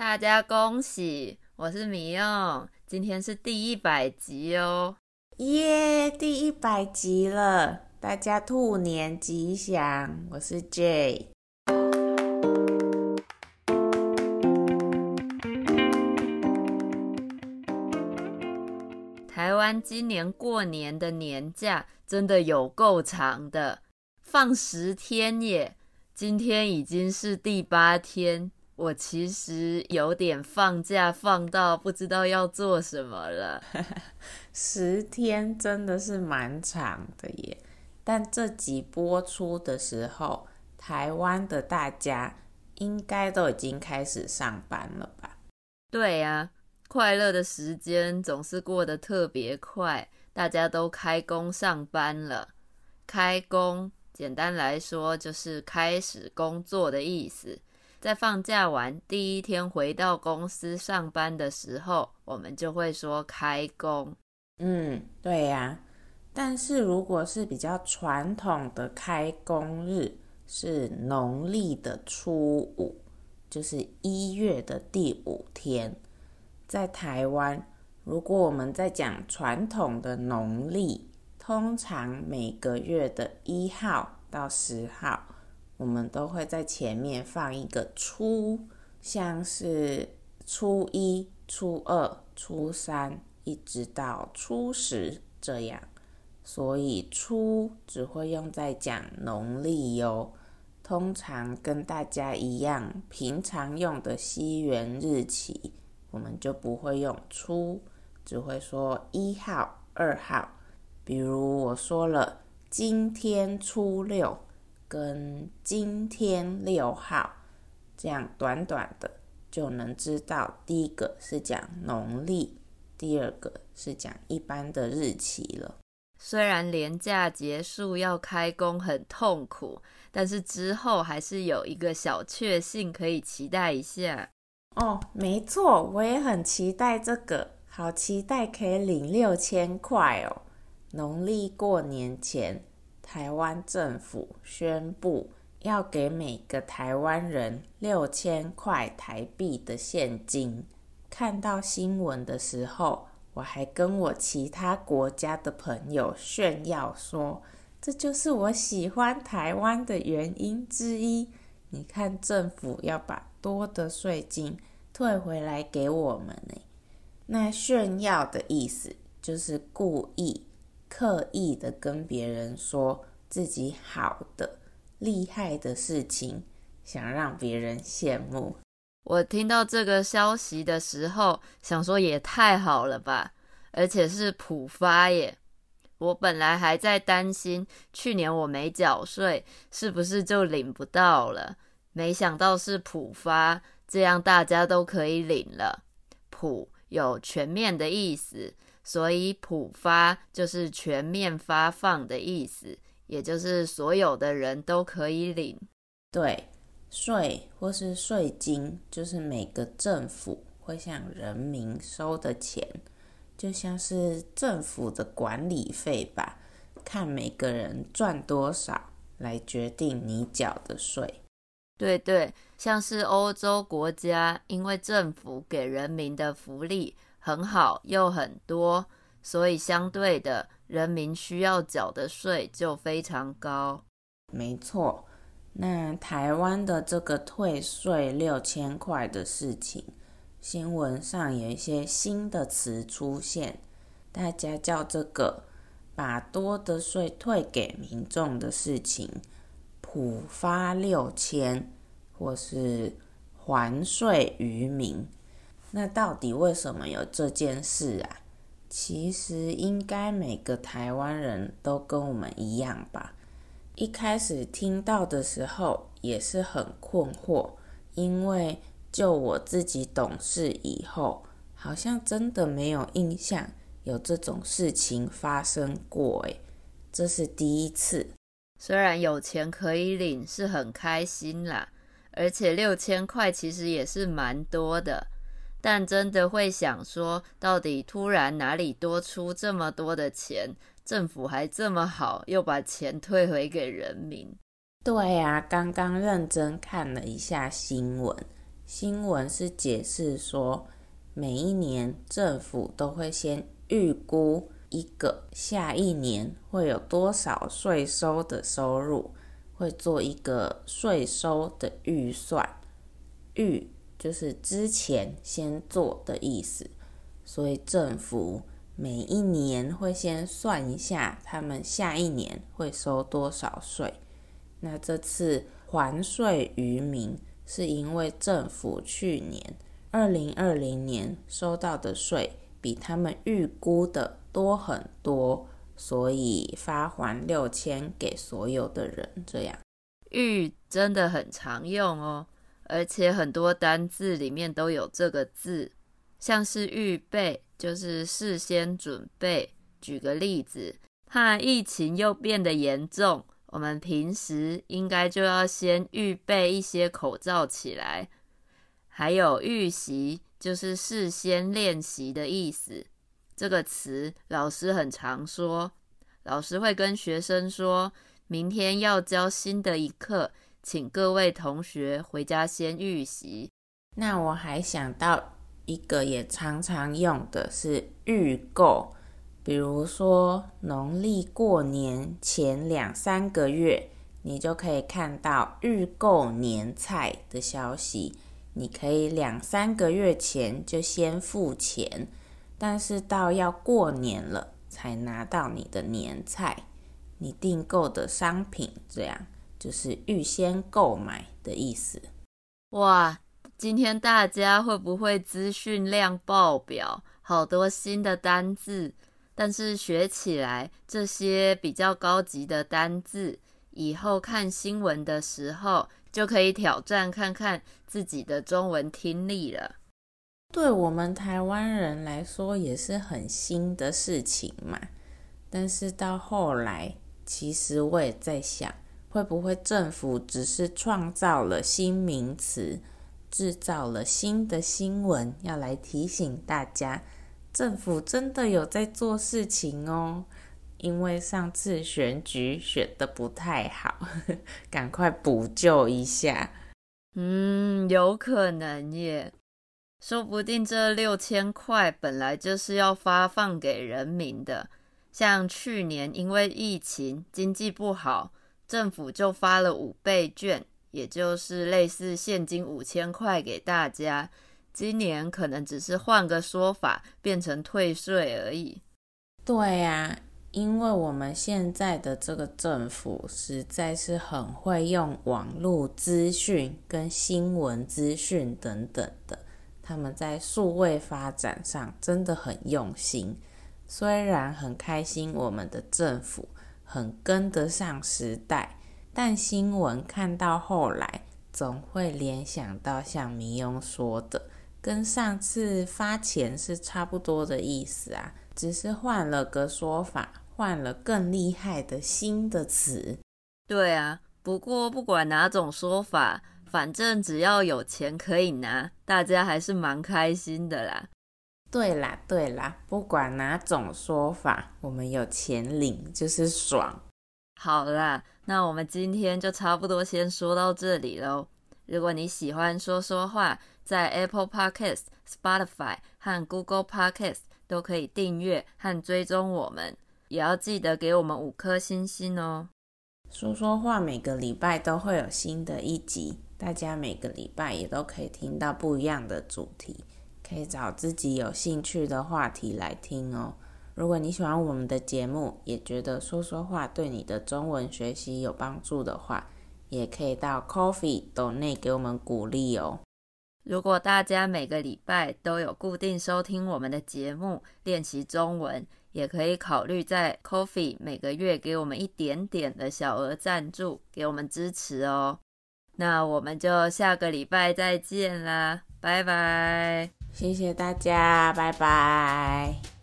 大家恭喜！我是 Mio，今天是第一百集哦，耶！Yeah, 第一百集了，大家兔年吉祥！我是 Jay。台灣今年過年的年假真的有夠長的，放十天耶！今天已經是第八天。我其實有點放假，放到不知道要做什麼了。 十天真的是蠻長的耶！但這集播出的時候，台灣的大家應該都已經開始上班了吧？對呀、啊，快樂的時間總是過得特別快，大家都開工上班了。開工，簡單來說就是開始工作的意思。在放假完第一天回到公司上班的時候，我們就會說開工。嗯，對呀、啊。但是如果是比較傳統的開工日，是農曆的初五，就是一月的第五天。在台灣，如果我們在講傳統的農曆，通常每個月的一號到十號。我們都會在前面放一個“初”，像是初一、初二、初三，一直到初十這樣。所以“初”只會用在講農曆哦。通常跟大家一樣，平常用的西元日期，我們就不會用“初”，只會說一號、二號。比如我說了“今天初六”。跟今天六號，這樣短短的就能知道，第一個是講農曆，第二個是講一般的日期了。雖然連假結束要開工很痛苦，但是之後還是有一個小確幸可以期待一下。哦，沒錯，我也很期待這個，好期待可以領六千塊哦，農曆過年前。台灣政府宣布要給每個台灣人六千塊台幣的現金。看到新聞的時候，我還跟我其他國家的朋友炫耀說：“這就是我喜歡台灣的原因之一。你看，政府要把多的稅金退回來給我們呢。”那炫耀的意思就是故意。刻意的跟別人說自己好的、厲害的事情，想讓別人羨慕。我聽到這個消息的時候，想說也太好了吧！而且是普發耶。我本來還在擔心，去年我沒繳稅，是不是就領不到了？沒想到是普發，這樣大家都可以領了。普有全面的意思。所以普發就是全面發放的意思，也就是所有的人都可以領。對，稅或是稅金，就是每個政府會向人民收的錢，就像是政府的管理費吧，看每個人賺多少來決定你繳的稅。對對，像是歐洲國家，因為政府給人民的福利很好，又很多，所以相對的，人民需要繳的稅就非常高。沒錯，那台灣的這個退稅六千塊的事情，新聞上有一些新的詞出現，大家叫這個把多的稅退給民眾的事情，普發六千，或是還稅於民。那到底為什麼有這件事啊？其實應該每個台灣人都跟我們一樣吧。一開始聽到的時候也是很困惑，因為就我自己懂事以後，好像真的沒有印象有這種事情發生過，欸。哎，這是第一次。雖然有錢可以領是很開心啦，而且六千塊其實也是蠻多的。但真的會想說，到底突然哪裡多出這麼多的錢？政府還這麼好，又把錢退回給人民。對啊，剛剛認真看了一下新聞，新聞是解釋說，每一年政府都會先預估一個下一年會有多少稅收的收入，會做一個稅收的預算、預。就是之前先做的意思，所以政府每一年會先算一下他們下一年會收多少稅。那這次還稅於民，是因為政府去年二零二零年收到的稅比他們預估的多很多，所以發還六千給所有的人。這樣。預真的很常用哦。而且很多單字裡面都有這個字，像是預備，就是事先準備。舉個例子，怕疫情又變得嚴重，我們平時應該就要先預備一些口罩起來。還有預習，就是事先練習的意思。這個詞老師很常說，老師會跟學生說，明天要教新的一課。請各位同學回家先預習。那我還想到一個也常常用的是預購，比如說農曆過年前兩三個月，你就可以看到預購年菜的消息，你可以兩三個月前就先付錢，但是到要過年了才拿到你的年菜，你訂購的商品這樣。就是預先購買的意思。哇，今天大家會不會資訊量爆表？好多新的單字，但是學起來這些比較高級的單字，以後看新聞的時候，就可以挑戰看看自己的中文聽力了。對我們台灣人來說，也是很新的事情嘛。但是到後來，其實我也在想。會不會政府只是創造了新名詞，製造了新的新聞，要來提醒大家，政府真的有在做事情哦？因為上次選舉選得不太好呵呵，趕快補救一下。嗯，有可能耶，說不定這六千塊本來就是要發放給人民的，像去年因為疫情，經濟不好。政府就發了五倍券，也就是類似現金五千塊給大家。今年可能只是換個說法，變成退稅而已。對啊，因為我們現在的這個政府實在是很會用網絡資訊跟新聞資訊等等的，他們在數位發展上真的很用心。雖然很開心我們的政府，很跟得上時代，但新聞看到後來，總會聯想到像迷庸說的，跟上次發錢是差不多的意思啊，只是換了個說法，換了更厲害的新的詞。對啊，不過不管哪種說法，反正只要有錢可以拿，大家還是蠻開心的啦。對啦，對啦，不管哪種說法，我們有錢領就是爽。好啦，那我們今天就差不多先說到這裡嘍。如果你喜歡說說話，在 Apple Podcast、Spotify 和 Google Podcast 都可以訂閱和追蹤我們，也要記得給我們五顆星星哦。說說話每個禮拜都會有新的一集，大家每個禮拜也都可以聽到不一樣的主題。可以找自己有興趣的話題來聽哦。如果你喜歡我們的節目，也覺得說說話對你的中文學習有幫助的話，也可以到 Ko-fi 斗內給我們鼓勵哦。如果大家每個禮拜都有固定收聽我們的節目，練習中文，也可以考慮在 Ko-fi 每個月給我們一點點的小額贊助，給我們支持哦。那我們就下個禮拜再見啦，拜拜。謝謝大家，拜拜。